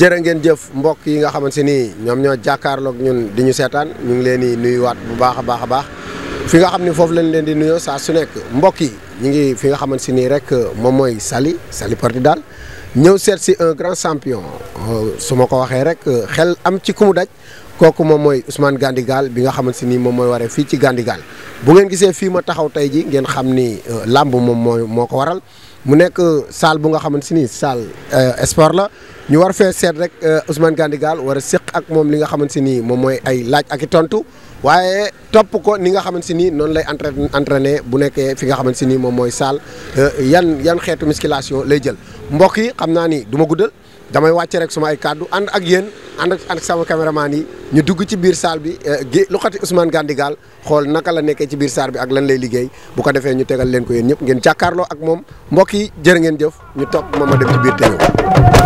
jërë ngeen jëf mbokk yi nga xamante ni ñoom ñoo jàkkaarloog ñun di ñu seetaan ñu ngi leen di nuyuwaat bu baax a baax a baax fi nga xam ni foofu lañ leen di nuyoo saa su nekk mbokk yi ñu ngi fi nga xamante nii rek moom mooy sali sali Saly daal ñëw seet si un grand champion su ma ko waxee rek xel am ci ku mu daj kooku moom mooy Ousmane Gandigal bi nga xamante ni moom mooy waree fii ci Gandigal bu ngeen gisee fii ma taxaw tey ji ngeen xam ni euh, làmb moom mooy moo ko waral. mu nekk salle bu nga xamante si ni salle euh, sport la ñu war fee seet rek euh, Ousmane Gandigal war a séq ak moom li nga xamante si nii moom mooy ay laaj ak i tontu waaye topp ko ni nga xamante si nii noonu lay entraîné entraîné bu nekkee fi nga xamante si nii moom mooy salle euh, yan yan xeetu musculation lay jël mbokk yi xam naa ni duma ma guddal. damay wàcce rek suma ay kàddu ànd ak yéen ànd ak sama caméraman yi ñu dugg ci biir saal bi eh, gé loxati Ousmane Gandigal xool naka la nekkee ci biir saal bi ak lan lay liggéey bu ko defee ñu tegal leen ko yéen ñëpp ngeen jàkkaarloo ak moom mbokk yi jërë ngeen jëf ñu topp moom ma dem ci biir teew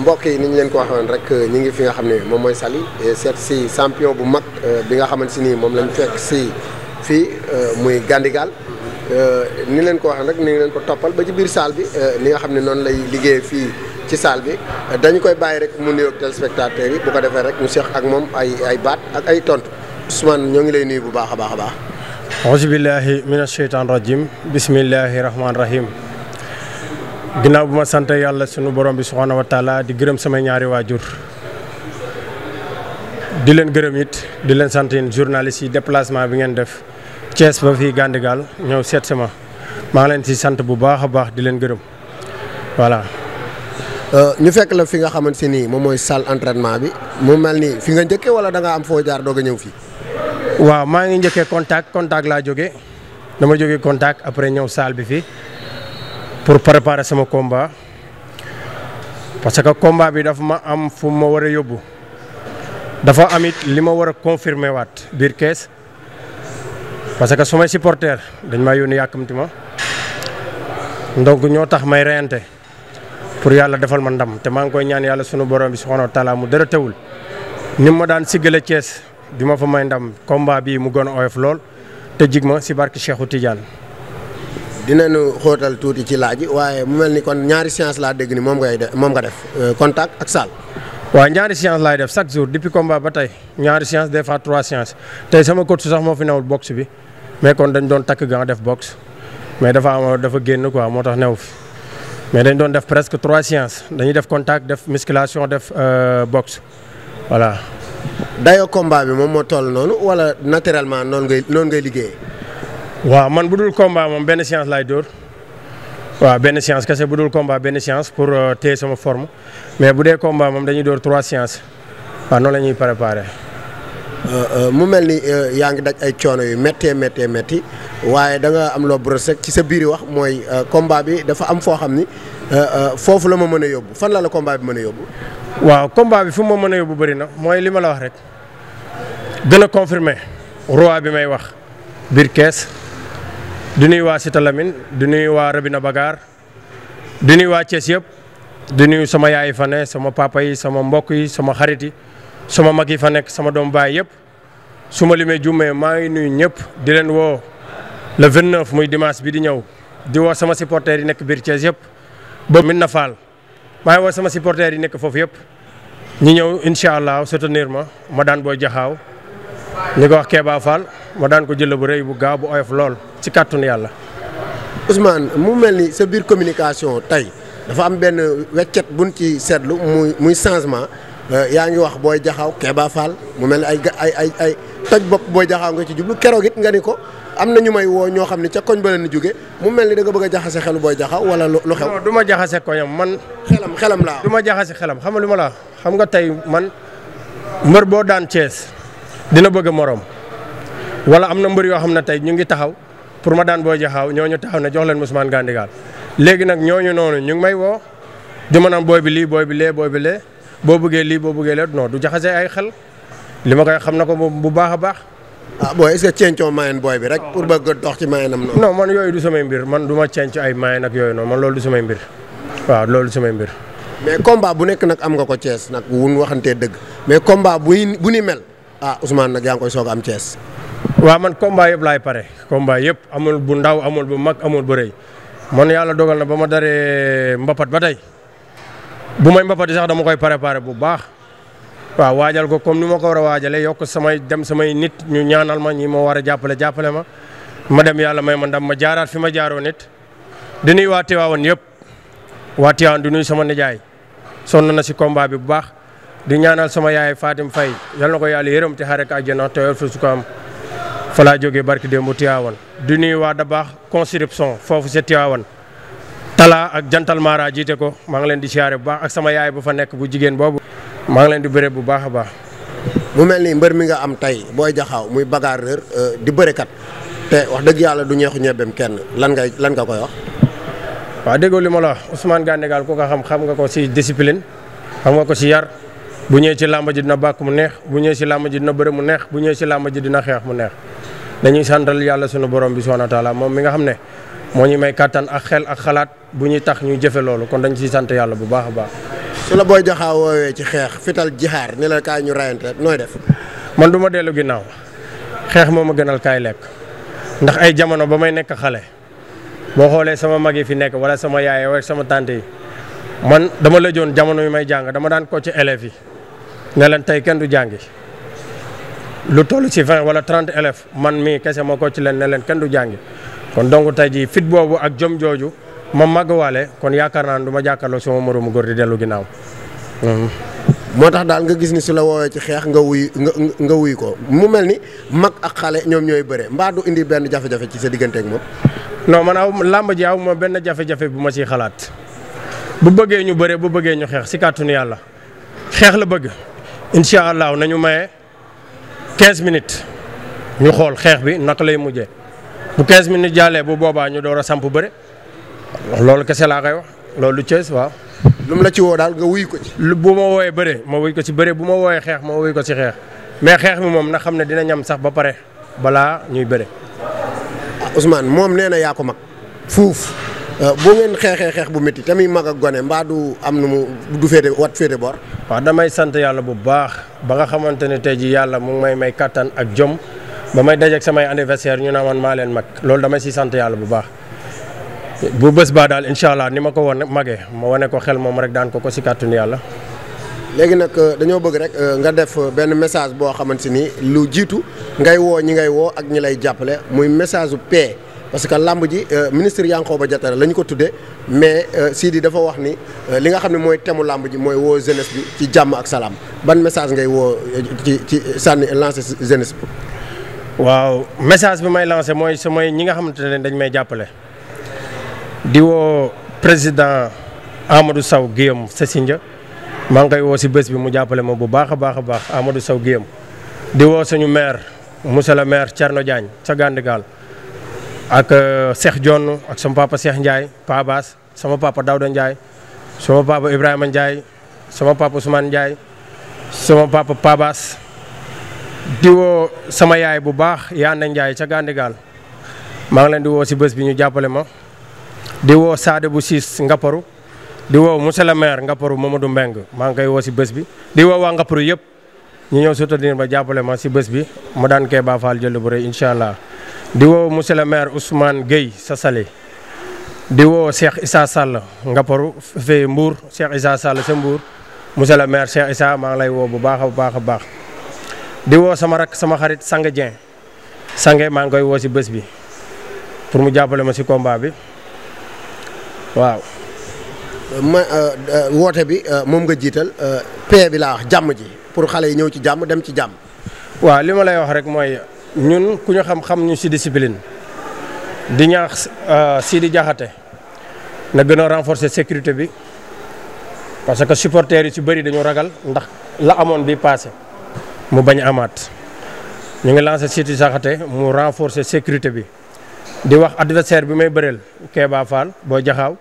mbokk yi ni ñu leen ko waxee rek ñi ngi fi nga xam ne moom mooy Saly seet si champion bu mag euh, bi nga xamante si nii moom lañu fekk si fii euh, muy Gandigal euh, ni leen ko waxee rek ni leen ko toppal ba ci biir salle bi ni nga xam ne noonu lay liggéey fii ci saal bi dañu koy bàyyi rek mu nuyoog téléspectateurs yi bu ko defee rek mu seex ak moom ay ay baat ak ay tontu Ousmane ñoo ngi lay nuyu bu baax a baax a baax. auzu billahi mina shaytaan rajim bismillahi rahmaani rahim. ginnaaw bu ma sant yàlla sunu borom bi subhaanahu wa taala di gërëm sama ñaari waajur di leen gërëm it di leen sant yéen journalistes yi déplacement bi ngeen def Thiès ba fii Gandigal ñëw seet sama maa ngi leen si sant bu baax a baax di leen gërëm voilà. Euh, ñu fekk la fi nga xamante si nii moom mooy salle entraînement bi mu mel nii fi nga njëkkee wala da nga am foo jaar doog a ñëw fii. waaw maa ngi njëkke contact contact laa jógee dama jóge contact après ñëw salle bi fii. pour préparer sama combat parce que combat bi dafa ma am fu ma war a yóbbu dafa amit li ma war a confirmer waat biir kees parce que su may supporter dañ maa yónni yàkkamti ma donc ñoo tax may reyante pour yàlla defal ma ndam te maa ngi koy ñaan yàlla sunu borom bi subhanahu wa taala mu dara tewul ni ma daan siggale Thiès di ma fa may ndam combat bii mu gën a oyof lool te jig ma si barke Cheikhou Tidiane. dinañu xóotal tuuti ci laaj waaye mu mel ni kon ñaari séance laa dégg ni moom ngay def moom nga def euh, contact ak salle. waaw ñaari séance laay def chaque jour depuis combat ba tey ñaari séance des fois trois séances tey sama coach sax moo fi newul box bi mais kon dañ doon takk gant def box mais dafa am dafa génn quoi moo tax new fi mais dañ doon def presque trois séances dañuy def contact def misculation def euh, box voilà. dayoo combat bi moom moo toll noonu wala naturellement noonu ngay noonu ngay liggéey waaw man bu dul combat moom benn séance laay dóor waaw benn séance kese bu dul combat benn séance pour euh, téye sama forme mais bu dee combat moom dañuy dóor trois séances waaw noonu la ñuy préparer. Euh, euh, mu mel ni yaa ngi daj ay coono yu méttee méttee métti waaye da nga am loo brose ci sa biir wax mooy combat bi dafa am foo xam ni foofu la ma mën a yóbbu fan la la combat bi mën a yóbbu. waaw combat bi fu ma mën a yóbbu bëri na mooy li ma la wax rek gën a confirmer roi bi may wax biir kees. di nuyu waa Cité di nuy waa Robina Bagaar di nuy waa Thiès yëpp di nuy sama yaay fa ne sama papa yi sama mbokk yi sama xarit yi sama mag yi fa nekk sama doom baay yëpp su ma limee jummee maa ngi nuyu ñëpp di leen woo le 29 muy dimanche bi di ñëw di woo sama supporters yi nekk biir Thiès yëpp ba min na faal maa ngi woo sama supporters yi nekk foofu yëpp ñi ñëw incha allah soutenir ma ma daan booy jaxaaw ñu ko wax Kéba Fall ma daan ko jël bu rëy bu gaaw bu oyof lool ci kàttanu yàlla. Ousmane mu mel ni sa biir communication tey dafa am benn weccet buñ ci seetlu muy muy changement euh, yaa ngi wax booy jaxaw Kéba Fall mu mel ni ay ay ay ay toj bopp booy jaxaw nga ci jublu keroog it nga ni ko am na ñu may woo ñoo xam ne ca koñ ba la ñu jóge mu mel ni da nga bëgg a jaxase xelu booy jaxaw wala lu xew. non du ma jaxase koñam man. xelam xelam laa du ma jaxase xelam xam nga lu ma la xam nga tey man mbër boo daan dina bëgg moroom wala am na mbër yoo xam ne tey ñu ngi taxaw pour ma daan Boy Jaxaaw ñooñu taxaw ne jox leen Ousmane Gandigal léegi nag ñooñu noonu ñu ngi may woo di ma lii booy bi lee booy bi lee boo bëggee lii boo bëggee lee non du jaxase ay xel li ma koy xam na ko moom bu baax a baax. ah booy est-ce que ceeñcoo mayen booy bi rek. pour bëgg dox ci mayenam noonu. non man yooyu du mbir man du ma ceeñc ay mayen ak yooyu noonu man loolu du samay mbir waaw loolu samay mbir. mais combat bu nekk nag am nga ko Thiès nag bu waxantee dëgg mais combat bu bu ni mel. ah Ousmane nag yaa ngi koy soog am Thiès. waaw man combat yëpp laay pare combat yëpp amul bu ndaw amul bu mag amul bu rëy man yàlla dogal na ba ma daree mbapat ba tey bu may mbapat yi sax dama koy préparé bu baax waaw waajal ko comme ni ma ko war a waajalee yokk samay dem samay nit ñu ñaanal ma ñii ma war a jàppale jàppale ma ma dem yàlla may ma ndam ma jaaraat fi ma jaaroo nit di nuyu waa Tiwaawan yëpp waa Tiwaawan nuyu sama nijaay sonn na si combat di ñaanal sama yaay Fatim fay yal na ko yàlla yërëm te xare ko àjjana te yor fa su ko am fa laa jógee barki démb Tiwaawan di nuyu waa baax conscription foofu sa Tiwaawan Talla ak jantal Mara ko maa ngi leen di siyaare bu baax ak sama yaay bu fa nekk bu jigéen boobu. maa ngi leen di bëre bu baax a baax. mu mel ni mbër mi nga am tey booy jaxaw muy bagarreur euh, di bërekat te wax dëgg yàlla du ñeexu ñebem kenn lan nga koy wax. waaw déggoo li ma la wax ko xam nga ko si bu ñëwee ci làmb ji dina bàkk mu neex bu ñëwee ci làmb ji dina bëre mu neex bu ñëwee ci làmb ji dina xeex mu neex dañuy santal yàlla sunu borom bi subhanahu wa taala moom mi nga xam ne moo ñu may kàttan ak xel ak xalaat bu ñuy tax ñu jëfe loolu kon dañu ciy sant yàlla bu baax a baax. su la booy jaxaa woowee ci xeex fital jixaar ni la kaay ñu rayante nooy def. man du ma dellu ginnaaw xeex moo ma gënal kaay lekk ndax ay jamono ba may nekk xale boo xoolee sama mag yi fi nekk wala sama yaay wala sama tante yi man dama lëjoon jamono yi may jàng dama daan ko ci élèves yi. ne leen tey kenn du jàngi lu toll ci vingt wala trente élèves man mii kese ma ko ci leen ne leen kenn du jàngi kon donc tey jii fit boobu ak jom jooju ma màggawaale kon yaakaar naa ne du ma jàkkaarloo sama moroomu gor di dellu ginnaaw. Hmm. moo tax daal nga gis ni si la woowee ci xeex nga wuy nga nga wuy ko mu mel ni mag ak xale ñoom ñooy bëre mbaa du indi benn jafe-jafe ci sa diggante ak moom. non man aw làmb ji aw ma benn jafe-jafe bu ma ciy xalaat bu bëggee ñu bëre bu bëggee ñu xeex si kàttanu yàlla xeex la bëgg. incha allah nañu maye 15 minutes ñu xool xeex bi naka lay mujjee bu 15 minutes jàllee bu boobaa ñu door a samp bëre loolu kese laa koy wax loolu lu Cees waaw. lu la ci woo daal nga wuy ko ci. bu ma wooyee bëre ma wuy ko ci bëre bu ma wooyee xeex ma wuy ko ci xeex mais xeex bi moom na xam ne dina ñam sax ba pare balaa ñuy bëre. Ousmane moom nee na yaa mag fuuf. Euh, bu ngeen xeexee xeex bu métti tamit mag ak gone mbaa du am nu mu du féete wat féete bor. waaw damay sant yàlla bu baax ba nga xamante ne tey ji yàlla mu may may kattan ak jom ba may dajeeg samay anniversaire ñu naan man maa leen mag loolu damay si sant yàlla bu baax. bu bës baa daal incha allah ni ma ko wane magee ma wane ko xel moom rek daan ko ko si kàttanu yàlla. léegi nag euh, dañoo bëgg rek euh, nga def benn message boo xamante ni lu jiitu ngay woo ñi ngay woo ak ñi lay jàppale muy message su paix parce que làmb ji euh, ministre Yankhoba Diattara la ñu ko tuddee mais euh, Sidi dafa wax ni euh, li nga xam ne mooy temu làmb ji mooy woo jeunesse bi ci jàmm ak salaam ban message ngay woo ci ci sànni lancé jeunesse bi. waaw message bi may lancé mooy samay ñi nga xamante ne dañ may jàppale diwoo woo président Amadou Sow Guillaume Sessindia maa ngi koy woo si bés bi mu jàppale ma bu baax a baax a baax Amadou Sow Guillaume di woo suñu maire monsieur le maire Thierno Diagne sa Gandigal ak euh, Cheikh Dione ak sama papa Cheikh Ndiaye paabaas sama papa Daouda Ndiaye sama papa Ibrahima Ndiaye sama papa Ousmane Ndiaye sama papa Pa Baas di woo sama yaay bu baax Yaanda Ndiaye ca Gandigal maa ngi leen di woo si bës bi ñu jàppale ma di woo Saade bu siis Ngaparu di woo monsieur la maire Ngaparu Mamadou Mbeng maa ngi koy woo si bës bi di woo waa Ngaparu yëpp ñu ñëw soutenir ba jàppale ma si bés bi mu daan kee baafaal jël bu rëy incha allah. di woo monsieur le maire Ousmane sa sali di woo Cheikh Issa Sall Ngaparou fee Mbour Cheikh Issa Sall sa Mbour monsieur le maire Cheikh Issa maa lay woo bu baax a baax a baax di woo sama rak sama xarit Sangue Dieng Sangue maa ngi koy woo si bés bi pour mu jàppale ma si kombaa bi waaw. ma euh, euh, woote bi euh, moom nga jiital paix bi laa wax jàmm ji pour xale yi ñëw ci jàmm dem ci jàmm. waaw li ma lay wax rek mooy. ñun ku ñu xam-xam ñu si discipline di ñaax euh, di Diakhaté na gën a renforcer sécurité bi parce que supporters yi si bëri dañu ragal ndax la amoon bi passé mu bañ amaat ñu ngi lancé Sidi Diakhaté mu renforcer sécurité bi di wax adversaire bi may bëreel Kéba Fall boo jaxaaw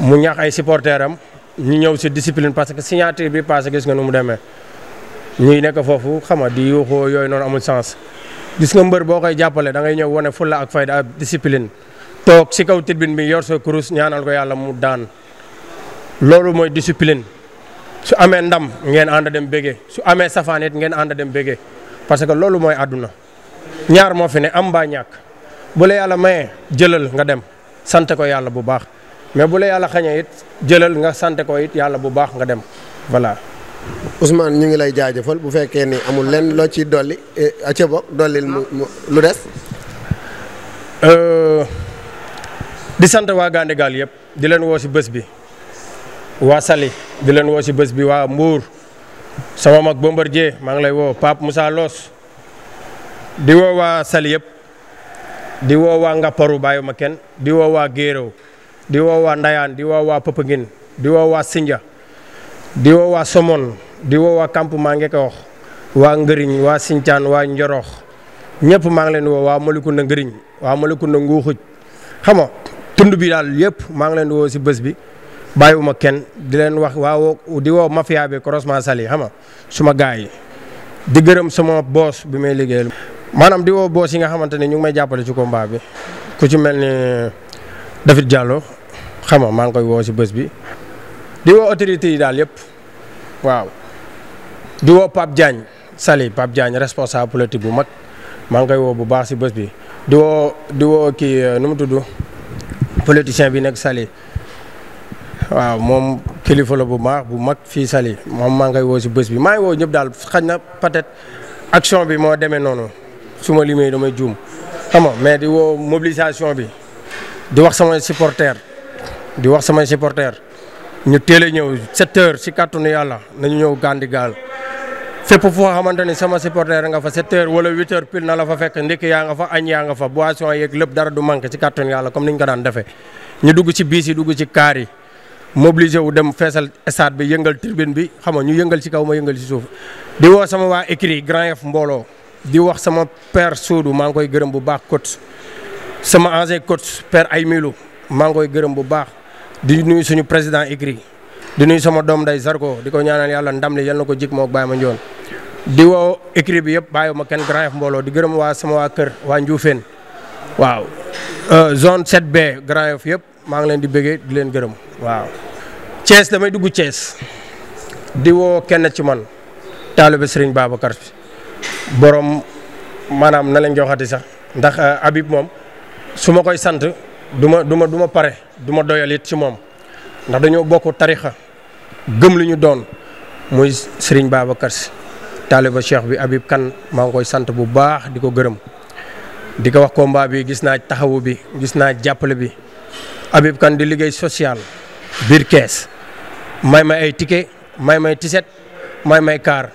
mu ñaax ay supporters am ñu ñëw si discipline parce que signature bi passé gis nga nu mu demee ñuy nekk foofu xam nga di yuuxoo yooyu noonu amul sens gis nga mbër boo koy jàppale da ngay ñëw wane fulla ak fayda ak discipline toog si kaw tribune bi yor sa kurus ñaanal ko yàlla mu daan loolu mooy discipline su amee ndam ngeen ànd dem bége su amee safaan it ngeen ànd dem bége parce que loolu mooy àdduna ñaar moo fi ne am mbaa ñàkk bu la yàlla mayee jëlal nga dem sante ko yàlla bu baax mais bu la yàlla xañee it jëlal nga sant ko it yàlla bu baax nga dem voilà. Ousmane ñu ngi lay jaajëfal bu fekkee ni amul leen loo ciy dolli eh, ca bokk dollil mu lu des. Euh, di sant waa Gandigal yëpp di leen woo si bés bi waa sali di leen woo si bës bi waa Mbour sama mag Bombardier maa ngi lay woo Pape Moussa Loos di woo waa Saly yëpp di woo waa Ngaparou bàyyi ma kenn di woo waa Géerow di woo waa Ndayaan di woo waa Popenguine di woo waa Sinja. di woo waa di woo waa campement ngee ko wax waa Ngëriñ waa Sinthiane waa Njorox ñëpp maa ngi leen woo waa Malicounda Ngëriñ waa Malicounda Nguuxuj xam nga tund bi daal yëpp maa ngi leen di woo si bés bi bàyyiwuma kenn di leen wax waa woo di woo mafia bi croisement Saly xam nga suma gars yi di gërëm sama boos bi may liggéeyal. maanaam di woo boos yi nga xamante ne ñu ngi may jàppale si ko mbaa bi ku ci mel ni David Diallo xam nga maa ngi koy woo si bés bi. di woo autorités yi daal yëpp waaw di woo Pape Diagne Sali Pape jaañ responsable politique bu mag maa ngi koy woo bu baax si bés bi di woo di woo kii euh, nu mu tudd politicien bi nekk Sali waaw moom kilifa la bu maax bu mag fii Sali moom maa ngi koy woo si bës bi maa ngi woo ñëpp daal xaj na peut-être action bi moo demee noonu su ma limee damay juum xam nga mais di woo mobilisation bi di wax samay supporters di wax samay supporters. ñu teel a ñëw 7 si kàttanu yàlla nañu ñëw Gandigaal fépp foo xamante ni sama supporter nga fa 7 heures wala 8 heures pile na la fa fekk ndekki yaa nga fa añ yaa nga fa boisson yeeg lépp dara du manqué si kàttanu yàlla comme ni ñu ko daan defee. ñu dugg si biis yi dugg si kaar yi wu dem feesal stade bi yëngal tribune bi xam nga ñu yëngal si kaw ma yëngal si suuf di woo sama waa écrit Grand Yoff mbooloo di wax sama père Soudou maa ngi koy gërëm bu baax coach sama ancien coach père Aymilu maa ngi koy gërëm bu baax. di nuyu suñu président écrit di nuyu sama doom day sarko di ko ñaanal yàlla ndam li yal na ko jik moo bàyyi ma njoon di woo écrit bi yëpp bàyyi ma kenn Grand Yoff mbooloo di gërëm waa sama waa kër waa Ndioufène waaw euh, zone 7B Grand Yoff yëpp maa ngi leen di bëggee di leen gërëm waaw. Thiès damay dugg Thiès di woo kenn ci man taalibe Serigne Babacar borom maanaam na lañ koy sax ndax euh, Habib moom su ma koy sant. du ma du ma du ma pare duma ma it ci moom ndax dañoo bokk tarixa gëm li ñu doon muy Serigne Babacar Sy taaliba cheikh bi Habib kan maa ngi koy sant bu baax di ko gërëm di ko wax combat bi gis naa taxawu bi gis naa jàppale bi Habib kan di liggéey social biir kees may may ay ticket may may tiset may may kaar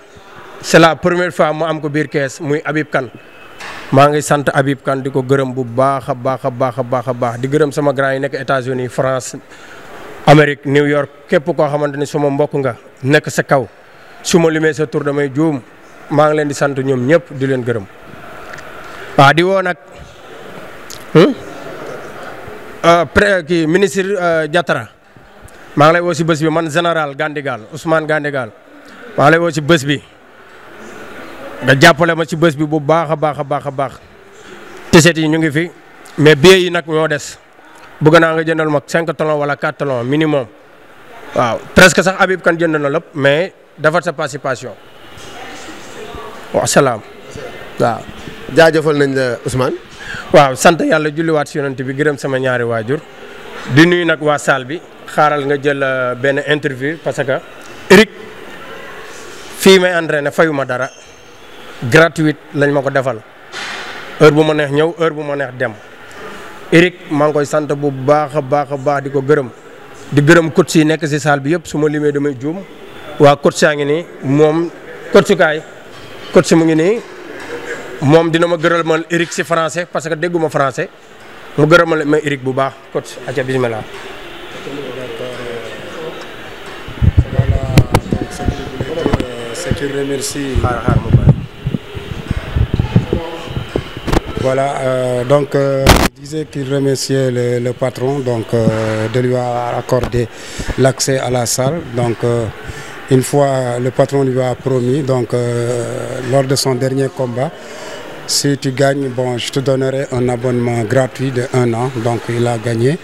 c'est la première fois mu am ko biir kees muy Habib kan maa ngi sant Habib Kane di ko gërëm bu baax a baax a baax a baax a baax di gërëm sama grand yi nekk États-Unis France Amérique New York képp koo xamante ni suma mbokk nga nekk sa kaw su ma limee sa tur damay juum maa ngi leen di sant ñoom ñëpp di leen gërëm. waaw di woo nag hmm? euh, pré kii ministre euh, Diatara maa ngi lay woo si bés bi man général Gandigal Ousmane Gandigal maa ngi lay woo si bés bi. nga jàppale ma ci bés bi bu baax a baax a baax a baax tiset yi ñu ngi fi mais billets yi nag ñoo des bëgg naa nga jëndal ma cinq talons wala quatre talons minimum waaw presque sax Habib kan jënd na lépp mais defar sa participation wa waaw. jaajëfal nañ la Ousmane. waaw sant yàlla julliwaat si yonent bi gërëm sama ñaari waajur di nuyu nag waa salle bi xaaral nga jël euh, benn interview parce que Eric fii may entraîné fayu ma dara. gratuite lañ ma ko defal heure bu ma neex ñëw heure bu ma neex dem Eric maa ngi koy sant bu baax a baax a baax di ko gërëm di gërëm coach si nekk si salle bi yëpp su ma limee damay juum waa coach yaa ngi nii moom coachukaay si mu ngi nii moom dina ma gëral ma Eric si français parce que dégguma français mu gërëmal ma Eric bu baax coach aca bismillah je euh, remercie Voilà, euh, donc euh, je disais qu'il remerciait le, le, patron donc, euh, de lui avoir accordé l'accès à la salle. Donc, euh, une fois le patron lui a promis, donc euh, lors de son dernier combat, si tu gagnes, bon, je te donnerai un abonnement gratuit de un an. Donc il a gagné.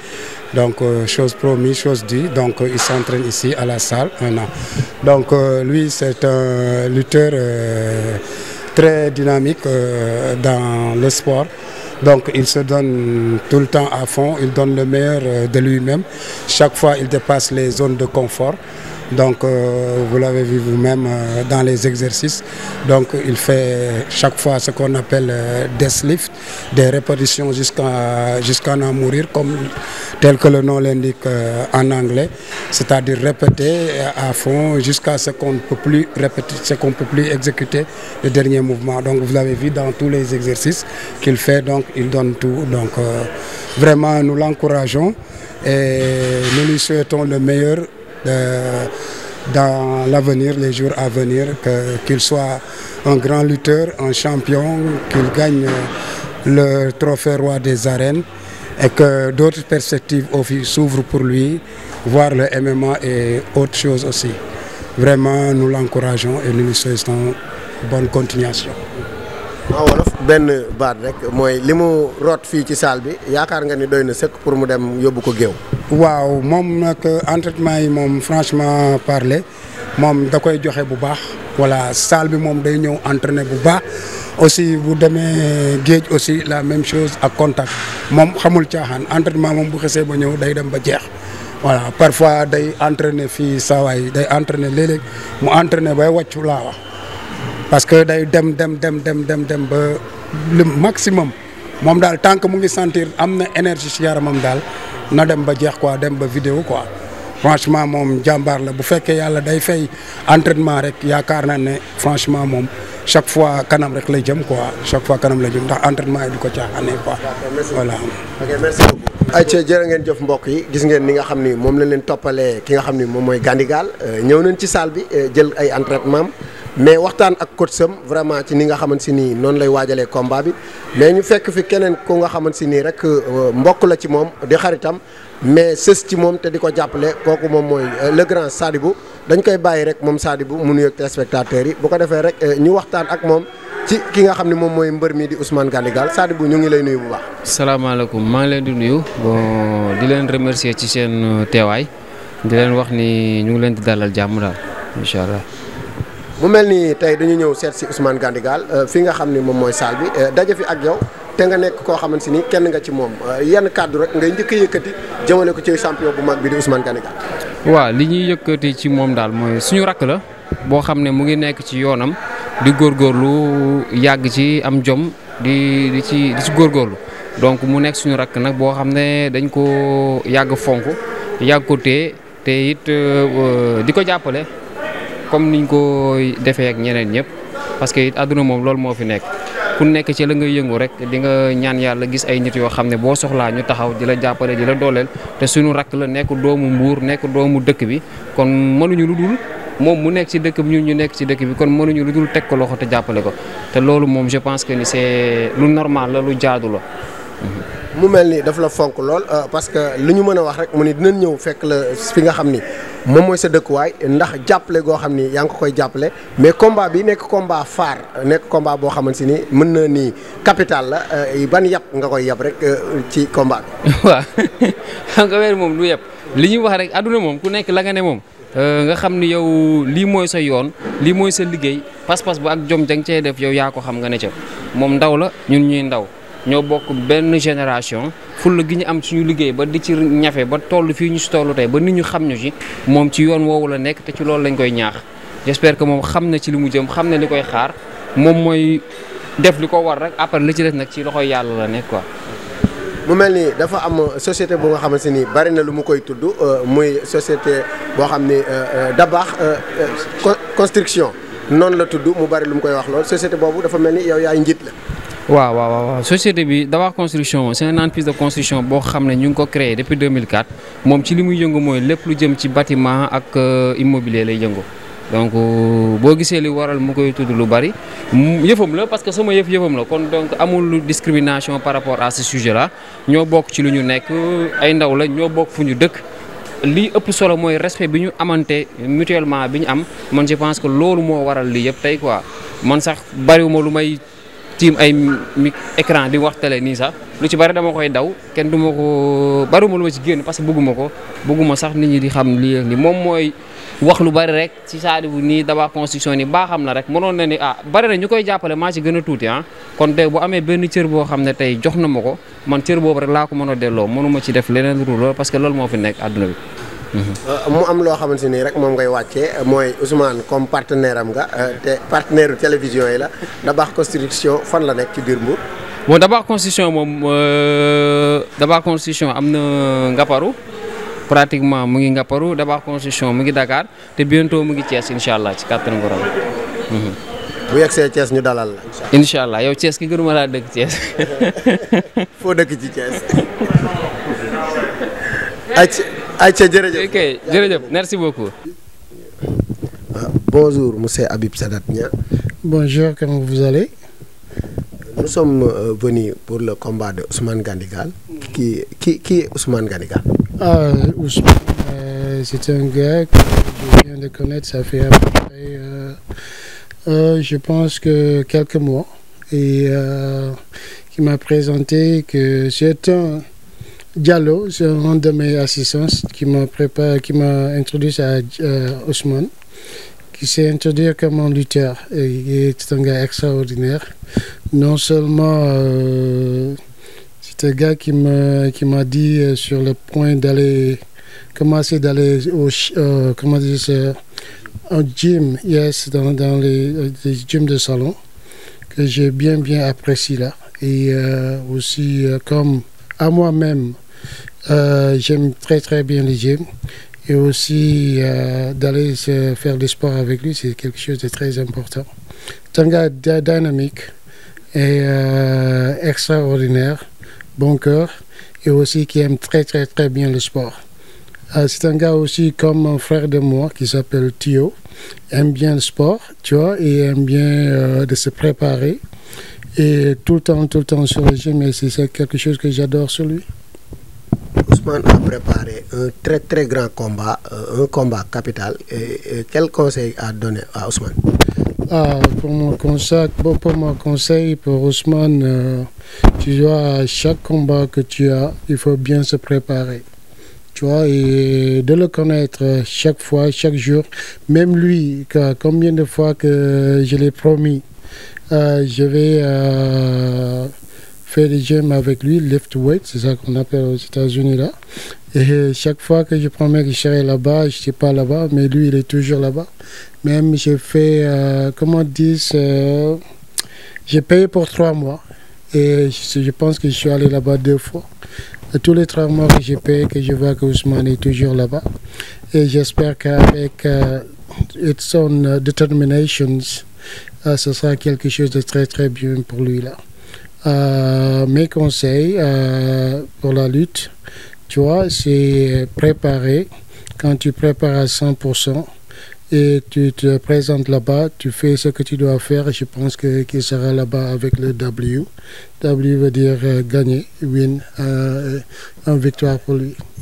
Donc, euh, chose promise, chose dite. Donc, euh, il s'entraîne ici à la salle un an. Donc, euh, lui, c'est un lutteur très dynamique euh, dans le sport. Donc il se donne tout le temps à fond, il donne le meilleur euh, de lui-même. Chaque fois, il dépasse les zones de confort. Donc, euh, vous l'avez vu même euh, dans les exercices. Donc, il fait chaque fois ce qu'on appelle euh, des lifts, des répétitions jusqu'à jusqu'à en mourir, comme tel que le nom l'indique euh, en anglais. C'est-à-dire répéter euh, à fond jusqu'à ce qu'on ne peut plus répéter, ce qu'on exécuter le dernier mouvement. Donc, vous l'avez vu dans tous les exercices qu'il fait. Donc, il donne tout. Donc, euh, vraiment, nous l'encourageons et nous lui souhaitons le meilleur euh, dans l'avenir, les jours à venir, qu'il qu soit un grand lutteur, un champion, qu'il gagne euh, le trophée roi des arènes et que d'autres perspectives s'ouvrent pour lui, voir le MMA et autre chose aussi. Vraiment, nous l'encourageons et nous lui souhaitons bonne continuation. waaw wolof benn baat rek mooy li mu root fii ci salle bi yaakaar nga ni doy na sëkk pour mu dem yóbbu ko géew waaw moom nag entretien yi moom franchement parler moom da koy joxe bu baax voilà salle bi moom day ñëw entraîner bu baax aussi bu demee géej aussi la même chose ak contact moom xamul caaxaan entraînement moom bu xesee ba ñëw day dem ba jeex voilà parfois day entraîner fii saawaay day entraîner léeg-léeg mu entraîner bay wàccu laa wax parce que day dem dem dem dem dem dem ba le maximum moom daal tant que mu ngi sentir am na énergie ci yaramam daal na dem ba jeex quoi dem ba vidéo quoi franchement moom jàmbaar la bu fekkee yàlla day fay entraînement rek yaakaar naa ne franchement moom chaque fois kanam rek lay jëm quoi chaque fois kanam la jëm ndax entraînement yi du ko caaxaanee quoi. voilà. ok merci beaucoup. ayca jërë ngeen jëf mbokk yi gis ngeen ni nga xam ni moom lañ leen toppalee ki nga xam ni moom mooy Gandigal euh, ñëw nañ ci salle bi euh, jël ay entraînement mais waxtaan ak coach sam vraiment ci ni nga xamante si nii noonu lay waajalee combat bi mais ñu fekk fi keneen ku nga xamante si nii rek euh, mbokk la ci moom di xaritam mais sës ci moom te di ko jàppale kooku moom mooy euh, le grand dañ koy bàyyi rek moom Sadibou mu nuyoog téléspectateurs yi bu ko defee rek euh, ñu waxtaan ak moom ci ki nga xam ne moom mooy mbër mi di Ousmane Gandigal Sadibou ñu ngi lay nuyu bu baax. salaamaaleykum maa ngi leen di nuyu bon di leen remercier ci seen teewaay di leen wax ni ñu ngi leen di dalal jàmm daal incha allah. mu mel ni tey dañu ñëw seet si Ousmane Gandigal euh, fi nga xam ni moom mooy salle bi euh, daja fi ak yow te nga nekk koo xamante ni kenn nga ci moom euh, yenn kàddu rek ngay njëkk yëkkati jëmale ko ci champion bu mag bi di Ousmane Gandigal. waaw li ñuy yëkkati ci moom daal mooy suñu rakk la boo xam ne mu ngi nekk ci yoonam di góorgóorlu yàgg ci am jom di di ci góor góorlu donc mu nekk suñu rakk nag boo xam ne dañ ko yàgg fonk yàgg ko téye te it di ko jàppale. comme niñ ko defee ak ñeneen ñëpp parce que it àdduna moom loolu moo fi nekk ku nekk ci la nga yëngu rek di nga ñaan yàlla gis ay nit yoo xam ne boo soxlaa ñu taxaw di la jàppale di la dooleel te suñu rakk la nekk doomu mbuur nekk doomu dëkk bi kon mënuñu lu dul moom mu nekk ci dëkk bi ñu ñu nekk ci dëkk bi kon mënuñu lu dul teg ko loxo te jàppale ko te loolu moom je pense que ni c'est lu normal la lu jaadu la mu mel ni daf la fonk lool euh, parce que li ñu mën a wax rek mu ni dinañ ñëw fekk la fi nga xam ni moom mooy sa dëkkuwaay ndax jàppale goo xam ni yaa ngi ko koy jàppale mais combat bi nekk combat phare nekk combat boo xamante si ni mën na ni capital la euh, ban yàpp nga koy yàpp rek euh, ci combat bi. waaw nga weer moom lu yàpp li ñuy wax rek àdduna moom ku nekk la nga ne moom. nga xam ni yow lii mooy sa yoon lii mooy sa liggéey pas-pas bu ak jom jang cee def yow yaa ko xam nga ne ca moom ndaw la ñun ñuy ndaw. ñoo bokk benn génération fulla gi ñu am suñu liggéey ba di ci ñafe ba toll fii ñu si toll tey ba nit ñu xam ñu ci moom ci yoon woowu la nekk te ci loolu lañ koy ñaax j'espère que moom xam na ci li mu jëm xam ne li koy xaar moom mooy def li ko war rek après li ci def nag ci loxo yàlla la nekk quoi. mu mel ni dafa am société bu nga xamante ni bari na lu mu koy tudd euh, muy société boo xam ni euh, euh, Dabakh construction noonu la tudd mu bari lu mu koy wax lool société boobu dafa mel ni yow yaay njiit la. waaw waaw waaw société bi Dawax construction c'est boo xam ne ñu ngi ko créé depuis 2004 moom ci li muy yëngu mooy lépp lu jëm ci bâtiment ak euh, immobilier lay yëngu donc euh, boo gisee li waral mu koy tudd lu bari mm, yëfam la parce que sama yëf yëfam la kon donc amul discrimination par rapport à ce sujet là ñoo bokk ci lu ñu nekk ay ndaw la ñoo bokk fu ñu dëkk. li ëpp solo mooy respect bi ñu amante mutuellement bi ñu am man je pense que loolu moo waral lii yëpp tey quoi tiim ay mic écran di wax télé nii sax lu ci bari dama koy daw kenn du ma ko baruma lu ma ci génn parce que bëgguma ko bëgguma sax nit ñi di xam li li moom mooy wax lu bari rek ci Sadibou nii Dabakh Construction nii baa xam na rek mënoon na ni ah bari na ñu koy jàppale maa ci gën a tuuti ah kon de bu amee benn cër boo xam ne tey jox na ma ko man cër boobu rek laa ko mën a delloo mënuma ci def leneen lu loolu parce que loolu moo fi nekk àdduna bi mu am loo xamante nii rek moom ngay wàccee mooy Ousmane comme partenaire am nga euh, te partenaire télévision yi la Dabakh Construction fan la nekk ci biir Mbour bon Dabakh Construction moom euh, Dabakh Construction am na Ngaparou pratiquement mu ngi Ngaparou Dabakh Construction mu ngi Dakar te bientôt mu ngi Thiès incha allah ci kàttanu borom mhm. bu yegsee Thiès ñu dalal la. incha allah yow Thiès ki gëruma laa dëkk Thiès. foo dëkk ci Thiès. ayca jërëjëf ok jërëjëf merci beaucoup. Ah, bonjour monsieur Habib Sadat Nia. bonjour comment vous allez. nous sommes euh, venus pour le combat de Ousmane Gandigal. qui qui qui est ah, euh, c'est un gars que je viens de connaître ça fait euh, je pense que quelques mois et qui m'a présenté que c'est un Diallo, c'est un de mes assistants qui m'a préparé, qui m'a introduit à, à euh, qui s'est introduit comme un lutteur. Et il est un gars extraordinaire. Non seulement euh, c'est un gars qui m'a dit euh, sur le point d'aller commencer d'aller au euh, comment euh, de salon que j'ai bien bien apprécié là. Et aussi comme à moi-même Euh, j'aime très très bien les gyms et aussi euh, d'aller faire du sport avec lui, c'est quelque chose de très important. C'est un gars dynamique et euh, extraordinaire, bon cœur et aussi qui aime très très très bien le sport. Euh, c'est un gars aussi comme un frère de moi qui s'appelle Thio, aime bien le sport, tu vois, et aime bien euh, de se préparer. Et tout le temps, tout le temps sur le gym, et c'est quelque chose que j'adore sur lui. Ousmane a préparé un très très grand combat, euh, un combat capital. Et quel conseil a donné à Ousmane ah, pour, mon conseil, pour mon conseil, pour Ousmane, euh, tu dois, à chaque combat que tu as, il faut bien se préparer. Tu vois, et de le connaître chaque fois, chaque jour. Même lui, combien de fois que je l'ai promis, euh, je vais... Euh, fait des gemmes avec lui, lift weight, c'est ça qu'on appelle aux États-Unis là. Et chaque fois que je promets que je serai là-bas, je suis pas là-bas, mais lui, il est toujours là-bas. Même j'ai fait, euh, comment dire, euh, j'ai payé pour trois mois. Et je, je pense que je suis allé là-bas deux fois. Et tous les trois mois que j'ai payé, que je vois que Ousmane est toujours là-bas. Et j'espère qu'avec euh, its own euh, determinations, euh, ce sera quelque chose de très très bien pour lui là. Euh, mes conseils euh, pour la lutte, tu vois, c'est préparer. Quand tu prépares à 100%, et tu te présentes là-bas, tu fais ce que tu dois faire et je pense que qu'il sera là-bas avec le W. W veut dire euh, gagner, win, euh, une victoire pour lui.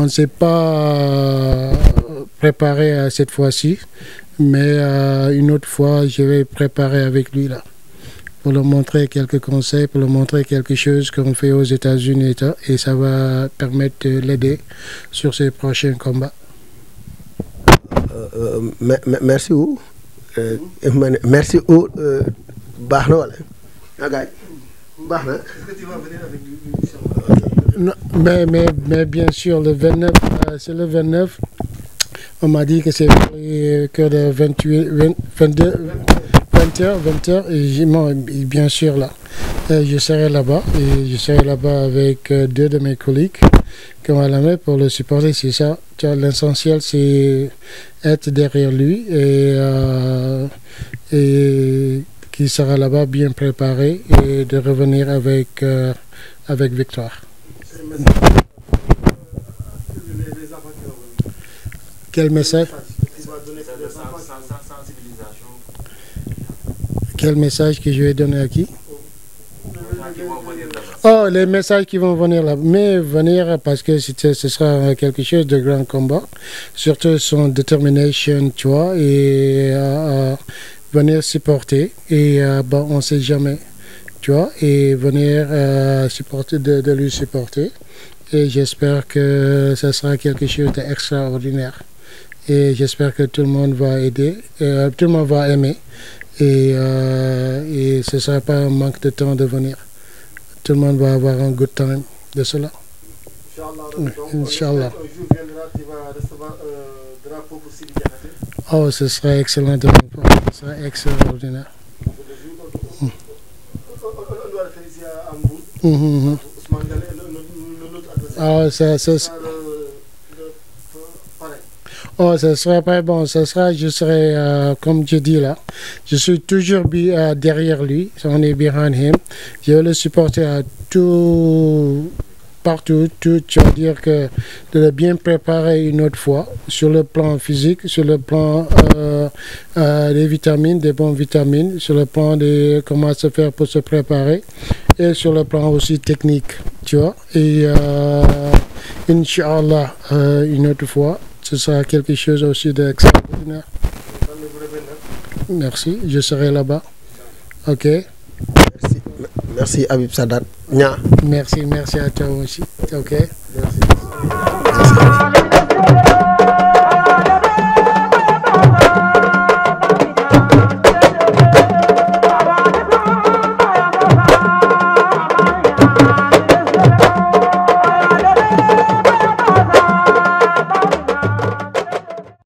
On ne s'est pas euh, préparé à cette fois-ci, mais euh, une autre fois, je vais préparer avec lui là pour leur montrer quelques conseils, pour leur montrer quelque chose qu'on fait aux États-Unis et ça va permettre de l'aider sur ses prochains euh, Baax na wala. Okay. ce que tu mais, mais, mais bien sûr, le 29, euh, c'est le 29. On m'a dit que c'est que le 28, 20, 22, 20h, 20h. Et bon, bien sûr, là, et euh, je serai là-bas. Et je serai là-bas avec euh, deux de mes collègues qui vont à la main pour le supporter. C'est ça. L'essentiel, c'est être derrière lui et, euh, et qui sera là-bas bien préparé et de revenir avec, euh, avec victoire. Quel message Quel message que je vais donner à qui Oh, les messages qui vont venir là. Mais venir parce que ce sera quelque chose de grand combat. Surtout son determination, tu vois, et euh, venir supporter. Et euh, bon, on ne sait jamais. tu et venir euh, supporter, de, de, lui supporter. Et j'espère que ce sera quelque chose d'extraordinaire. Et j'espère que tout le monde va aider, euh, tout le monde va aimer. Et, euh, et ce sera pas un manque de temps de venir. Tout le monde va avoir un good time de cela. Inch'Allah. Euh, oh, ce serait excellent. Ce serait extraordinaire. Ah, ça, ça, Oh, ce serait pas bon. Ce sera, je serai, euh, comme je dis là, je suis toujours euh, derrière lui. On est behind him. Je vais le supporter à tout partout, tout, tu dire que de le bien préparer une autre fois sur le plan physique, sur le plan euh, euh, des vitamines, des bonnes vitamines, sur le plan de comment se faire pour se préparer et sur le plan aussi technique, tu vois. Et euh, Inch'Allah, euh, une autre fois, ce sera quelque chose aussi d'extraordinaire. Merci, je serai là-bas. Ok. Merci Habib Sadat. Nya. Merci, merci à toi aussi. OK. Merci.